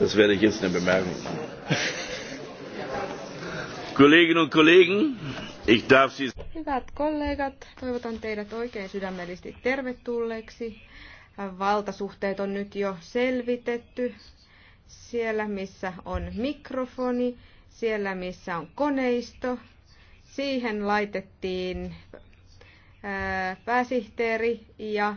Das werde ich jetzt nicht bemerken. Kolleginnen und Kollegen, ich darf Sie... Hyvät kollegat, toivotan teidät oikein sydämellisesti tervetulleeksi. Valtasuhteet on nyt jo selvitetty. Siellä, missä on mikrofoni, siellä, missä on koneisto, siihen laitettiin pääsihteeri ja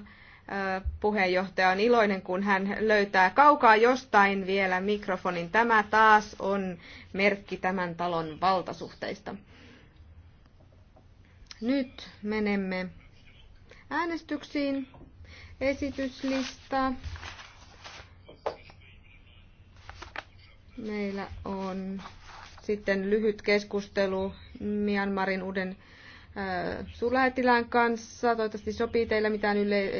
puheenjohtaja on iloinen, kun hän löytää kaukaa jostain vielä mikrofonin. Tämä taas on merkki tämän talon valtasuhteista. Nyt menemme äänestyksiin. Esityslista. Meillä on sitten lyhyt keskustelu Myanmarin uuden Äh, sulähettilään kanssa. Toivottavasti sopii teillä mitään yle-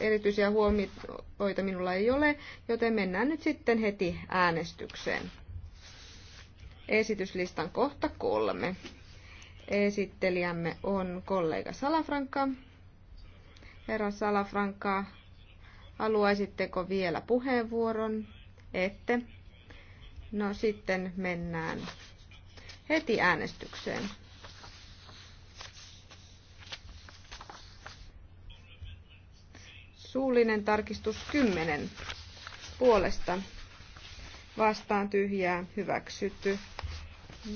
erityisiä huomioita minulla ei ole, joten mennään nyt sitten heti äänestykseen. Esityslistan kohta kolme. Esittelijämme on kollega Salafranka. Herra Salafranka, haluaisitteko vielä puheenvuoron? Ette. No sitten mennään heti äänestykseen. Suullinen tarkistus 10. Puolesta vastaan tyhjää hyväksytty.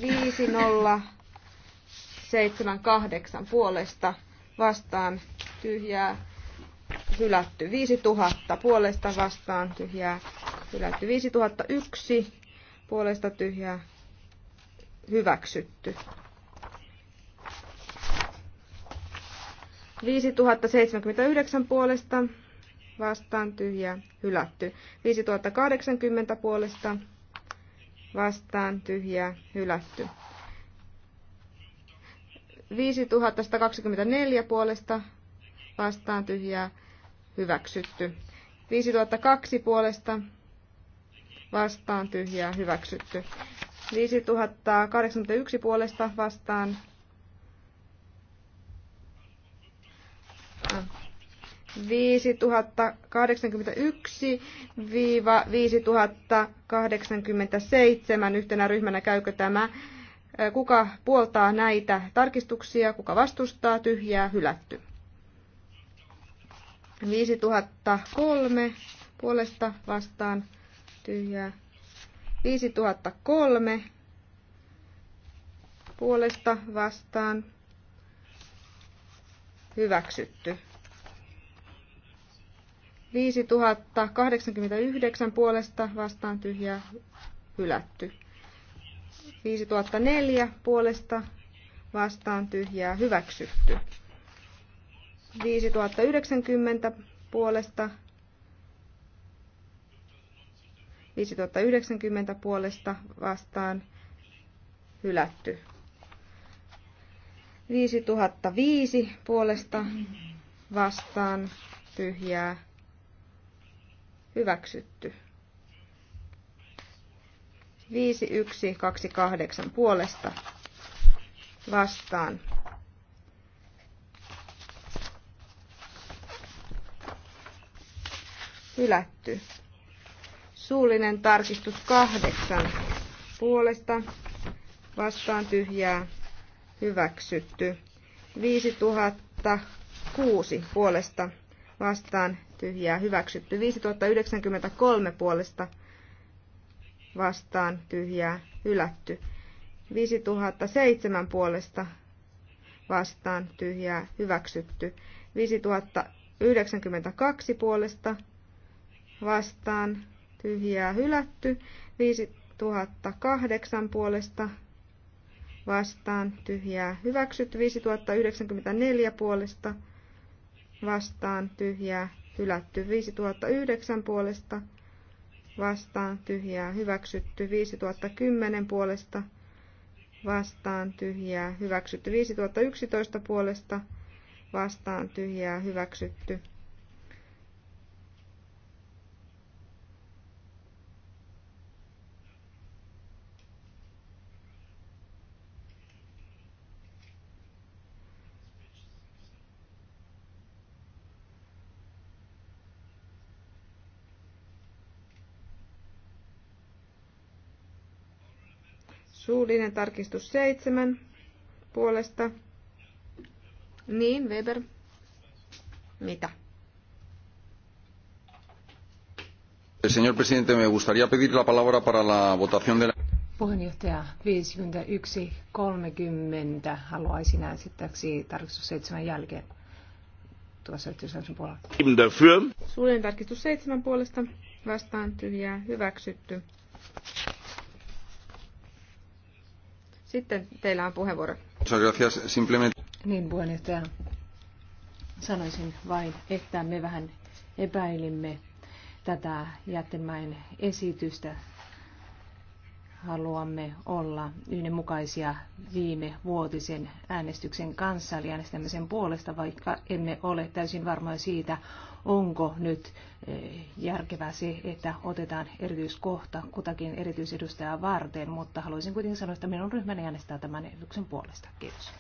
5078 puolesta vastaan tyhjää hylätty. 5000 puolesta vastaan tyhjää hylätty. 5001 puolesta tyhjää hyväksytty. 5079 puolesta vastaan tyhjä hylätty. 5080 puolesta vastaan tyhjä hylätty. 5124 puolesta vastaan tyhjää hyväksytty. 5002 puolesta vastaan tyhjää hyväksytty. 5081 puolesta vastaan 5081-5087 yhtenä ryhmänä käykö tämä. Kuka puoltaa näitä tarkistuksia, kuka vastustaa, tyhjää, hylätty. 5003 puolesta vastaan, tyhjää. 5003 puolesta vastaan, hyväksytty. 5089 puolesta vastaan tyhjää hylätty. 5004 puolesta vastaan tyhjää hyväksytty. 5090 puolesta 5090 puolesta vastaan hylätty. 5005 puolesta vastaan tyhjää Hyväksytty. 5128 puolesta vastaan. Hylätty. Suullinen tarkistus kahdeksan puolesta vastaan tyhjää hyväksytty. 5006 puolesta vastaan tyhjää hyväksytty. 5093 puolesta vastaan tyhjää hylätty. 5007 puolesta vastaan tyhjää hyväksytty. 5092 puolesta vastaan tyhjää hylätty. 5008 puolesta vastaan tyhjää hyväksytty. 5094 puolesta vastaan tyhjää hylätty 5009 puolesta vastaan tyhjää hyväksytty 5010 puolesta vastaan tyhjää hyväksytty 5011 puolesta vastaan tyhjää hyväksytty Suullinen tarkistus 7 puolesta. Niin, Weber. Mitä? Señor presidente, me gustaría pedir la palabra para la votación de la... Puheenjohtaja 51.30 haluaisin äänestettäväksi tarkistus 7 jälkeen tuossa yhteisönsä puolella. Suullinen tarkistus 7 puolesta vastaan tyhjää hyväksytty. Sitten teillä on puheenvuoro. Niin, puheenjohtaja. Sanoisin vain, että me vähän epäilimme tätä jättemäen esitystä. Haluamme olla yhdenmukaisia viime vuotisen äänestyksen kanssa, eli äänestämme sen puolesta, vaikka emme ole täysin varmoja siitä, onko nyt eh, järkevää se, että otetaan erityiskohta kutakin erityisedustajaa varten, mutta haluaisin kuitenkin sanoa, että minun ryhmäni äänestää tämän ehdotuksen puolesta. Kiitos.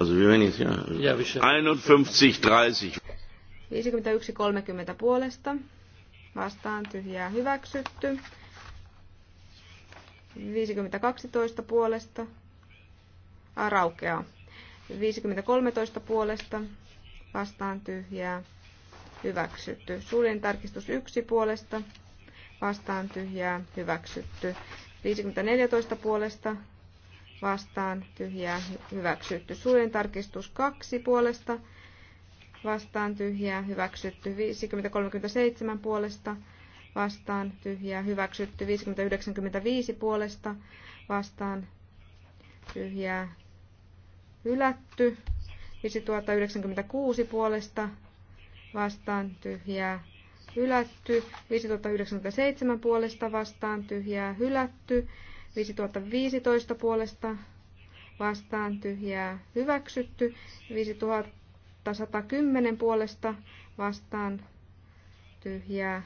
Also wie wenig, ich, ja, 51, 30 puolesta. Vastaan tyhjää hyväksytty. 50.12 puolesta. Ah, raukeaa. 50.13 puolesta vastaan tyhjää hyväksytty. Suljen tarkistus 1 puolesta vastaan tyhjää hyväksytty. 54 puolesta vastaan tyhjää hyväksytty. Suljen tarkistus 2 puolesta vastaan tyhjää hyväksytty. 5037 puolesta vastaan tyhjää hyväksytty. 595 puolesta vastaan tyhjää hylätty. 5096 puolesta vastaan tyhjää hylätty. 5097 puolesta vastaan tyhjää hylätty. 5015 puolesta vastaan tyhjää hyväksytty. 5110 puolesta vastaan tyhjää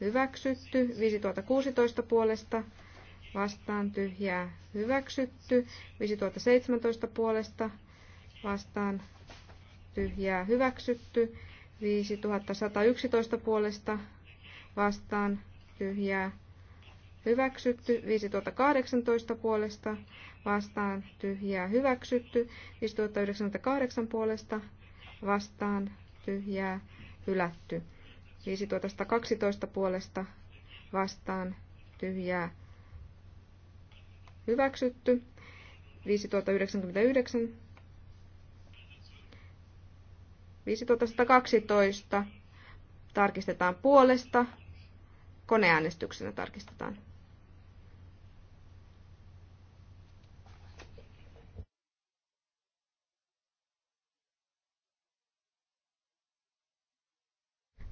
hyväksytty. 5016 puolesta vastaan tyhjää hyväksytty. 5017 puolesta vastaan tyhjää hyväksytty. 5111 puolesta vastaan tyhjää hyväksytty. 5018 puolesta vastaan tyhjää hyväksytty. 5098 puolesta vastaan tyhjää hylätty. 5112 puolesta vastaan tyhjää hyväksytty. 5099 5112 tarkistetaan puolesta. Koneäänestyksenä tarkistetaan.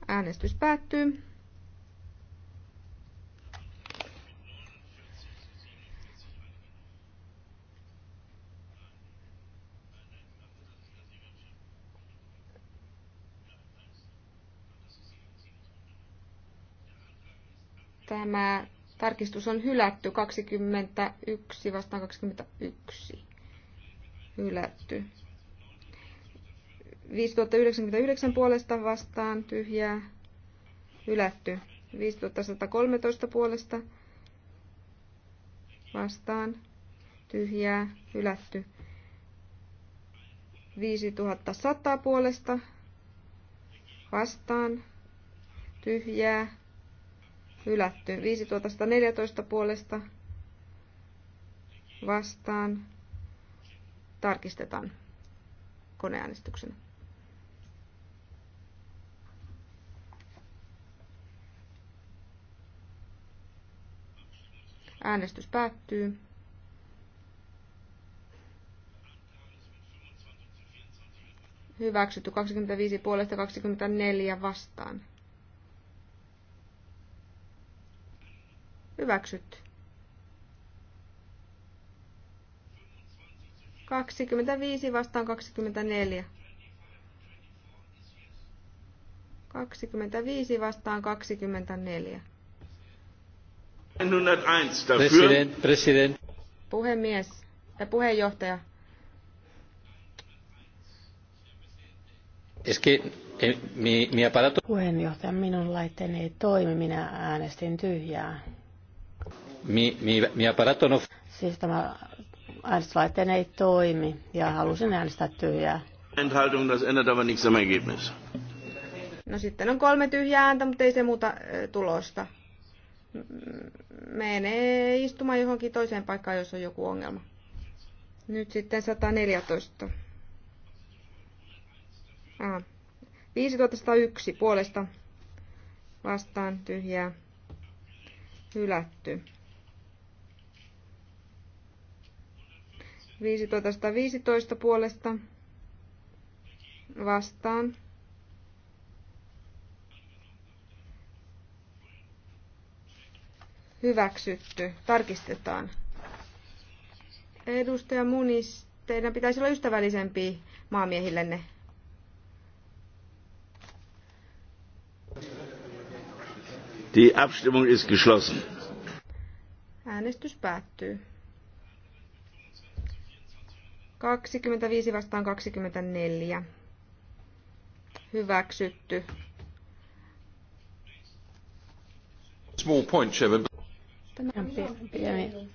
Äänestys päättyy. Tämä tarkistus on hylätty 21 vastaan 21. Hylätty. 5099 puolesta vastaan tyhjää. Hylätty. 5113 puolesta vastaan tyhjää. Hylätty. 5100 puolesta vastaan tyhjää hylätty. 5114 puolesta vastaan tarkistetaan koneäänestyksenä. Äänestys päättyy. Hyväksytty 25 puolesta 24 vastaan. Hyväksytty. 25 vastaan 24. 25 vastaan 24. President, president. Puhemies ja puheenjohtaja. Es que, eh, mi, mi aparato... Puheenjohtaja, minun laitteeni ei toimi, minä äänestin tyhjää mi, mi, mi aparato no... Siis tämä äänestyslaitteeni ei toimi ja halusin äänestää tyhjää. Enthaltung, das ändert aber nichts am Ergebnis. No sitten on kolme tyhjää ääntä, mutta ei se muuta äh, tulosta. Menee istumaan johonkin toiseen paikkaan, jos on joku ongelma. Nyt sitten 114. Ah. 5101 puolesta vastaan tyhjää hylätty. 1515 puolesta vastaan. Hyväksytty. Tarkistetaan. Edustaja Munis, teidän pitäisi olla ystävällisempi maamiehillenne. Die Abstimmung ist geschlossen. Äänestys päättyy. 25 vastaan 24. Hyväksytty. Small point, Tämä on pieni.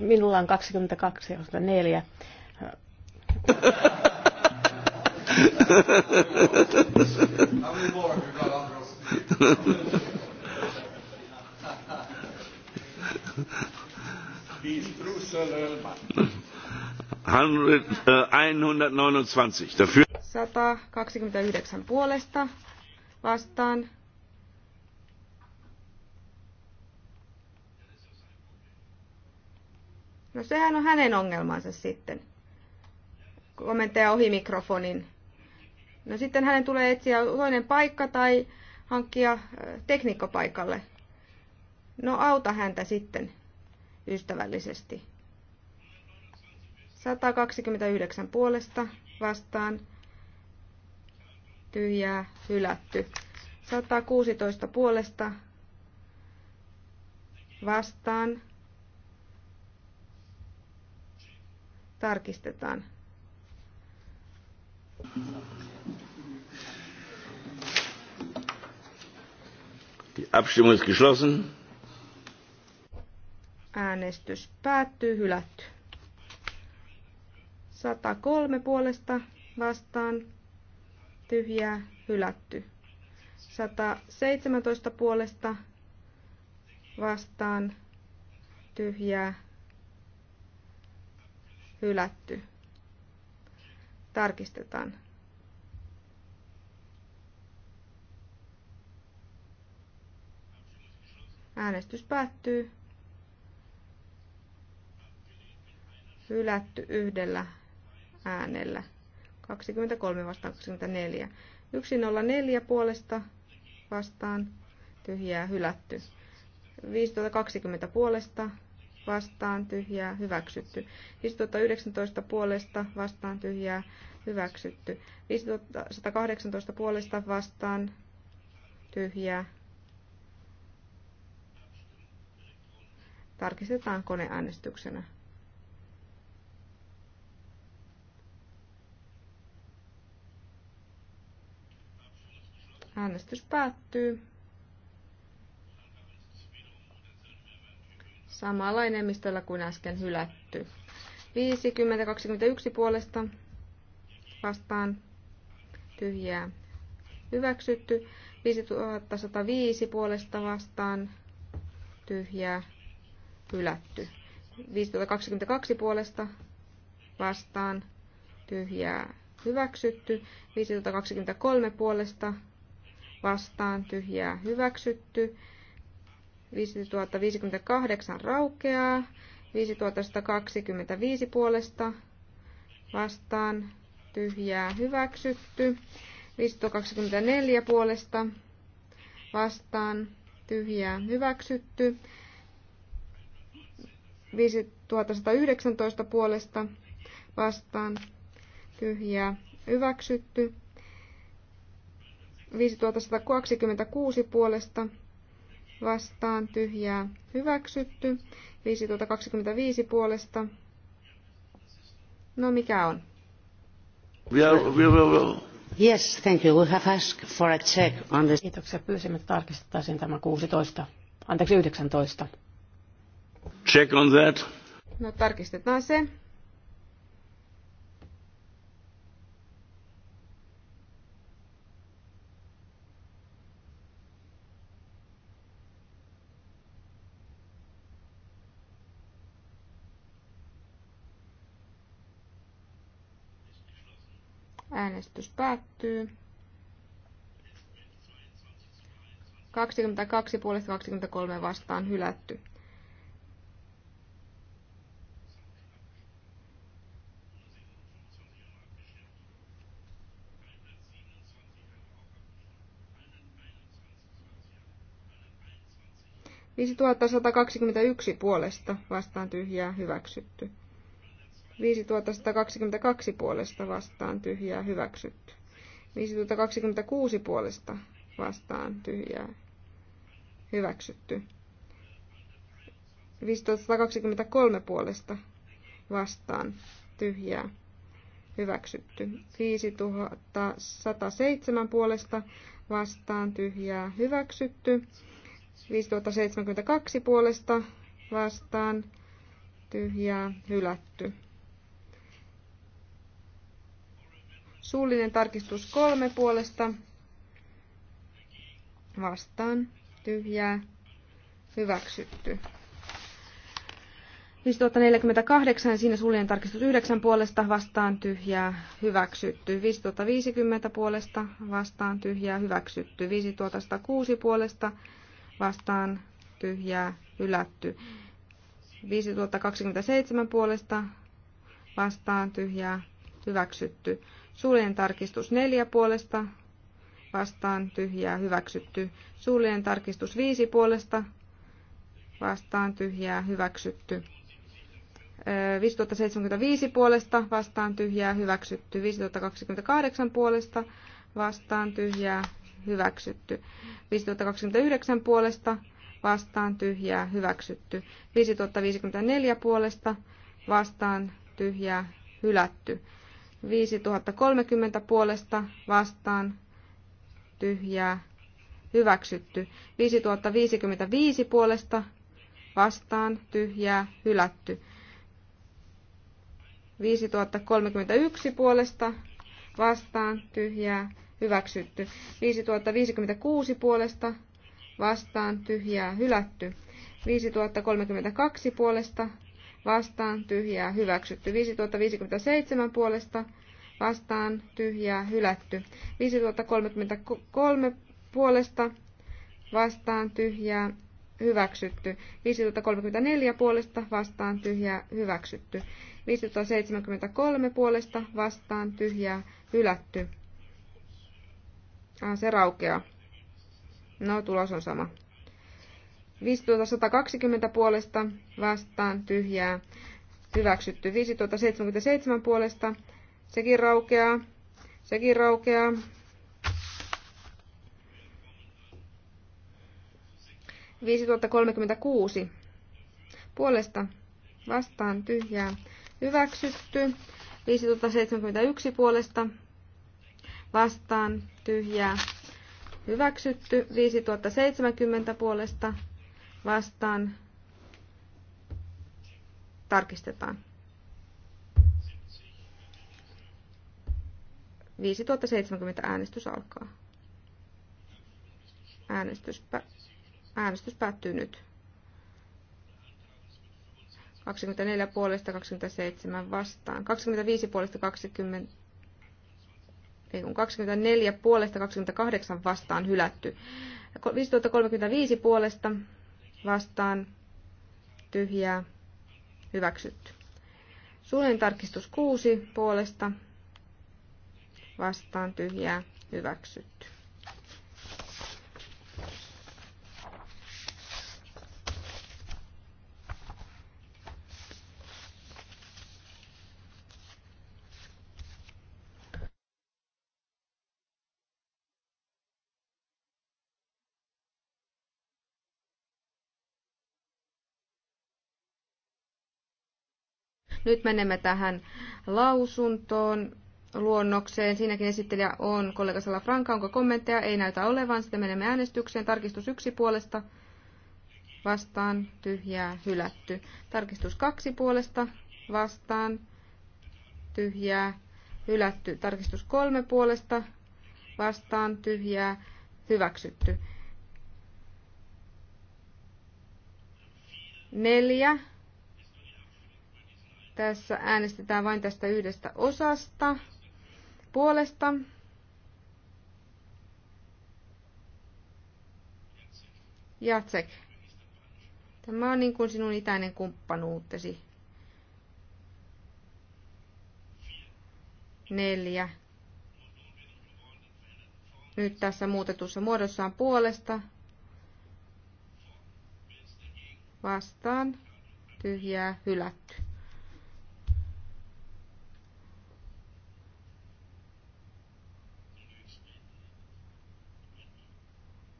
Minulla on 22 4. He's Brussel 129 uh, uh, puolesta vastaan. No sehän on hänen ongelmansa sitten. Kommentteja ohi mikrofonin. No sitten hänen tulee etsiä toinen paikka tai hankkia äh, teknikkopaikalle. paikalle. No auta häntä sitten ystävällisesti. 129 puolesta vastaan tyhjää hylätty. 116 puolesta vastaan tarkistetaan. Die Abstimmung ist geschlossen. Äänestys päättyy, hylätty. 103 puolesta vastaan tyhjää hylätty. 117 puolesta vastaan tyhjää hylätty. Tarkistetaan. Äänestys päättyy. Hylätty yhdellä äänellä. 23 vastaan 24. 104 puolesta vastaan tyhjää hylätty. 520 puolesta vastaan tyhjää hyväksytty. 519 puolesta vastaan tyhjää hyväksytty. 518 puolesta vastaan tyhjää. Tarkistetaan koneäänestyksenä. Äänestys päättyy. Samalla enemmistöllä kuin äsken hylätty. 50-21 puolesta vastaan tyhjää hyväksytty. 5105 puolesta vastaan tyhjää hylätty. 5022 puolesta vastaan tyhjää hyväksytty. 5023 puolesta vastaan tyhjää hyväksytty. 5058 raukeaa. 5125 puolesta vastaan tyhjää hyväksytty. 524 puolesta vastaan tyhjää hyväksytty. 5119 puolesta vastaan tyhjää hyväksytty. 5126 puolesta vastaan tyhjää hyväksytty. 5025 puolesta. No mikä on? We are, we Yes, thank you. We have asked for a check on this. Kiitoksia. Pyysimme, että tarkistettaisiin tämä 16. Anteeksi, 19. Check on that. No tarkistetaan se. Äänestys päättyy. 22 puolesta 23 vastaan hylätty. Viisi puolesta vastaan tyhjää hyväksytty. 5122 puolesta vastaan tyhjää hyväksytty. 5126 puolesta vastaan tyhjää hyväksytty. 5123 puolesta vastaan tyhjää hyväksytty. 5107 puolesta vastaan tyhjää hyväksytty. 5072 puolesta vastaan tyhjää hylätty. Suullinen tarkistus kolme puolesta. Vastaan. Tyhjää. Hyväksytty. 5048, siinä suullinen tarkistus 9 puolesta, vastaan tyhjää, hyväksytty. 5050 puolesta, vastaan tyhjää, hyväksytty. 5106 puolesta, vastaan tyhjää, hylätty. 5027 puolesta, vastaan tyhjää, hyväksytty. Suullinen tarkistus 4 puolesta vastaan tyhjää hyväksytty. Suullinen tarkistus 5 puolesta vastaan tyhjää hyväksytty. 5075 puolesta vastaan tyhjää hyväksytty. 5028 puolesta vastaan tyhjää hyväksytty. 5029 puolesta vastaan tyhjää hyväksytty. 5054 puolesta vastaan tyhjää hylätty. 5030 puolesta vastaan tyhjää hyväksytty. 5055 puolesta vastaan tyhjää hylätty. 5031 puolesta vastaan tyhjää hyväksytty. 5056 puolesta vastaan tyhjää hylätty. 5032 puolesta vastaan tyhjää hyväksytty. 5057 puolesta vastaan tyhjää hylätty. 5033 puolesta vastaan tyhjää hyväksytty. 5034 puolesta vastaan tyhjää hyväksytty. 5073 puolesta vastaan tyhjää hylätty. Ah, se raukeaa. No, tulos on sama. 5120 puolesta vastaan tyhjää hyväksytty. 5077 puolesta sekin raukeaa. Sekin raukeaa. Viisi puolesta vastaan tyhjää hyväksytty. 5071 puolesta vastaan tyhjää hyväksytty. 5070 puolesta vastaan tarkistetaan. 5070 äänestys alkaa. Äänestys, pä- äänestys päättyy nyt. 24 puolesta 27 vastaan. 25 puolesta 20 ei kun 24 puolesta 28 vastaan hylätty. 5035 puolesta vastaan tyhjää hyväksytty. Suullinen tarkistus 6 puolesta vastaan tyhjää hyväksytty. Nyt menemme tähän lausuntoon luonnokseen. Siinäkin esittelijä on kollega Franka, Onko kommentteja? Ei näytä olevan. Sitten menemme äänestykseen. Tarkistus yksi puolesta vastaan tyhjää hylätty. Tarkistus kaksi puolesta vastaan tyhjää hylätty. Tarkistus kolme puolesta vastaan tyhjää hyväksytty. Neljä tässä äänestetään vain tästä yhdestä osasta puolesta. Jatsek. Tämä on niin kuin sinun itäinen kumppanuutesi. Neljä. Nyt tässä muutetussa muodossaan puolesta. Vastaan. Tyhjää. Hylätty.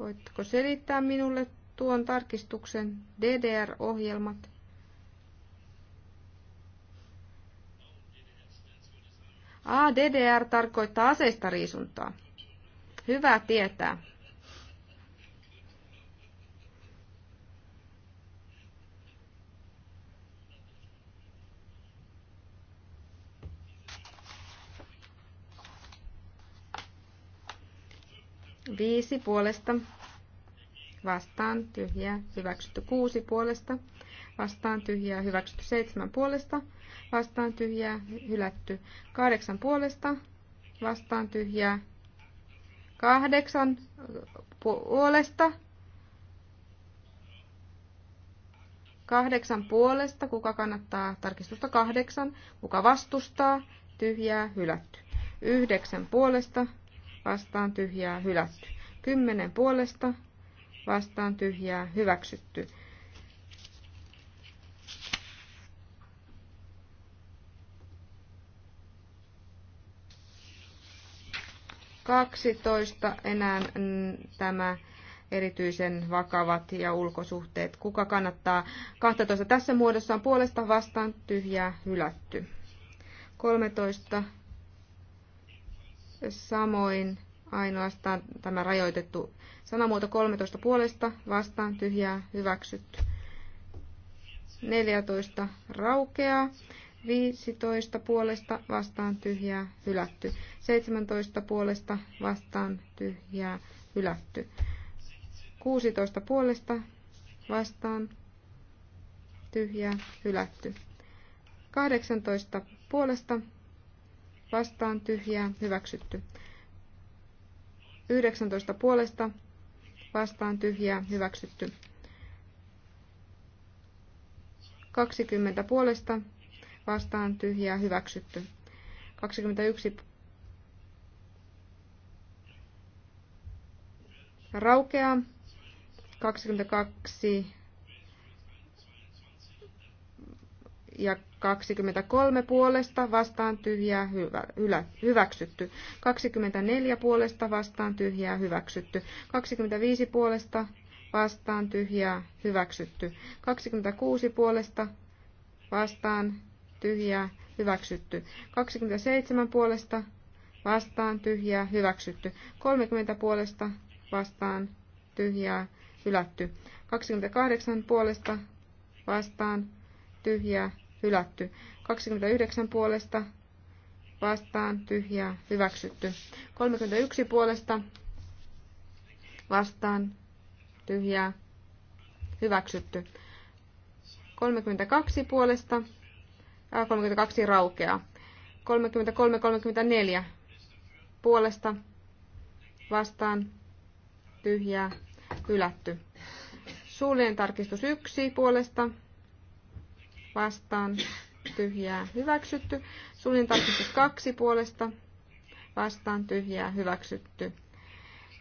Voitko selittää minulle tuon tarkistuksen DDR-ohjelmat? A, DDR tarkoittaa aseista riisuntaa. Hyvä tietää. 5 puolesta vastaan tyhjää hyväksytty 6 puolesta vastaan tyhjää hyväksytty 7 puolesta vastaan tyhjää hylätty 8 puolesta vastaan tyhjää 8 puolesta kahdeksan puolesta, kuka kannattaa tarkistusta kahdeksan, kuka vastustaa, tyhjää, hylätty. Yhdeksän puolesta, vastaan tyhjää hylätty. kymmenen puolesta vastaan tyhjää hyväksytty. Kaksitoista enää tämä erityisen vakavat ja ulkosuhteet. Kuka kannattaa 12 tässä muodossa on puolesta vastaan tyhjää hylätty. 13 Samoin ainoastaan tämä rajoitettu sanamuoto 13 puolesta vastaan tyhjää hyväksytty. 14 raukeaa. 15 puolesta vastaan tyhjää hylätty. 17 puolesta vastaan tyhjää hylätty. 16 puolesta vastaan tyhjää hylätty. 18 puolesta vastaan tyhjää hyväksytty. 19 puolesta vastaan tyhjää hyväksytty. 20 puolesta vastaan tyhjää hyväksytty. 21 raukeaa. 22 ja 23 puolesta vastaan tyhjää hyvä, hylä, hyväksytty. 24 puolesta vastaan tyhjää hyväksytty. 25 puolesta vastaan tyhjää hyväksytty. 26 puolesta vastaan tyhjää hyväksytty. 27 puolesta vastaan tyhjää hyväksytty. 30 puolesta vastaan tyhjää hylätty. 28 puolesta vastaan tyhjää hylätty. 29 puolesta vastaan tyhjää hyväksytty. 31 puolesta vastaan tyhjää hyväksytty. 32 puolesta, äh, 32 raukeaa. 33-34 puolesta vastaan tyhjää hylätty. Suullinen tarkistus 1 puolesta vastaan tyhjää hyväksytty. Suullinen tarkistus kaksi puolesta vastaan tyhjää hyväksytty.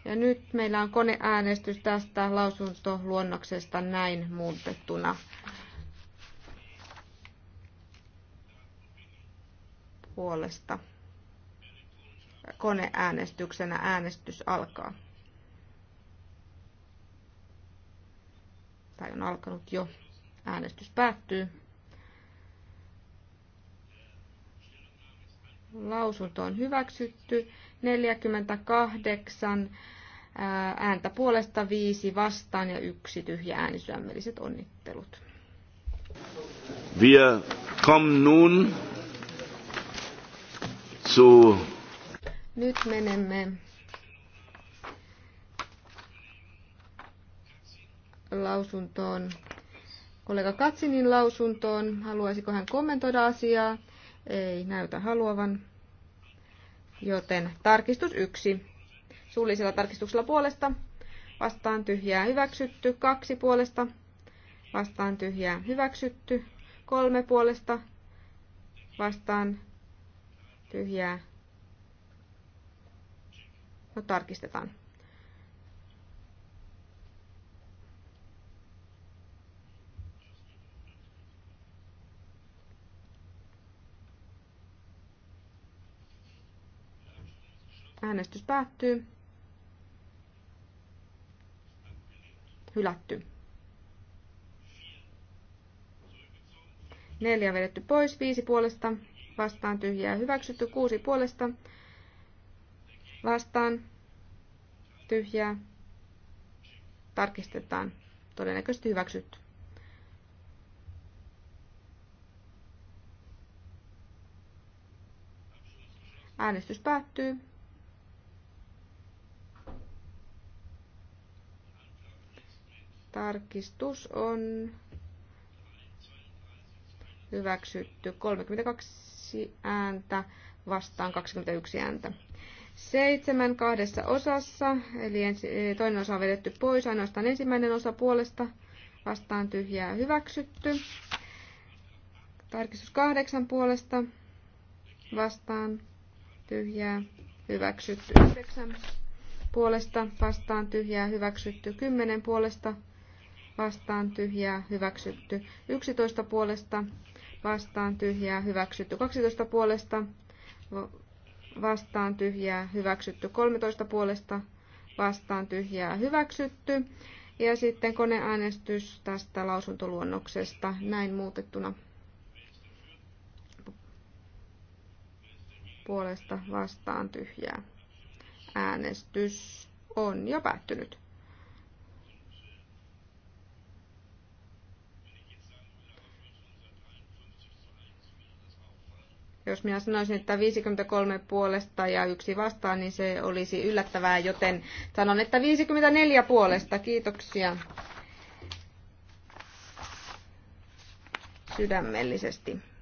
Ja nyt meillä on koneäänestys tästä lausuntoluonnoksesta näin muutettuna. Puolesta. Koneäänestyksenä äänestys alkaa. Tai on alkanut jo. Äänestys päättyy. Lausunto on hyväksytty. 48 ääntä puolesta, viisi vastaan ja yksi tyhjä ääni. onnittelut. Wir kommen nun zu... Nyt menemme lausuntoon, kollega Katsinin lausuntoon. Haluaisiko hän kommentoida asiaa? ei näytä haluavan. Joten tarkistus yksi. Suullisella tarkistuksella puolesta vastaan tyhjää hyväksytty. Kaksi puolesta vastaan tyhjää hyväksytty. Kolme puolesta vastaan tyhjää. No tarkistetaan. Äänestys päättyy. Hylätty. Neljä vedetty pois, viisi puolesta, vastaan tyhjää hyväksytty, kuusi puolesta, vastaan tyhjää, tarkistetaan, todennäköisesti hyväksytty. Äänestys päättyy. Tarkistus on hyväksytty 32 ääntä vastaan 21 ääntä. Seitsemän kahdessa osassa, eli ensi, toinen osa on vedetty pois, ainoastaan ensimmäinen osa puolesta vastaan tyhjää hyväksytty. Tarkistus kahdeksan puolesta vastaan tyhjää hyväksytty. Yhdeksän puolesta vastaan tyhjää hyväksytty. Kymmenen puolesta vastaan tyhjää hyväksytty. 11 puolesta vastaan tyhjää hyväksytty. 12 puolesta vastaan tyhjää hyväksytty. 13 puolesta vastaan tyhjää hyväksytty. Ja sitten koneäänestys tästä lausuntoluonnoksesta näin muutettuna puolesta vastaan tyhjää. Äänestys on jo päättynyt. Jos minä sanoisin, että 53 puolesta ja yksi vastaan, niin se olisi yllättävää, joten sanon, että 54 puolesta. Kiitoksia sydämellisesti.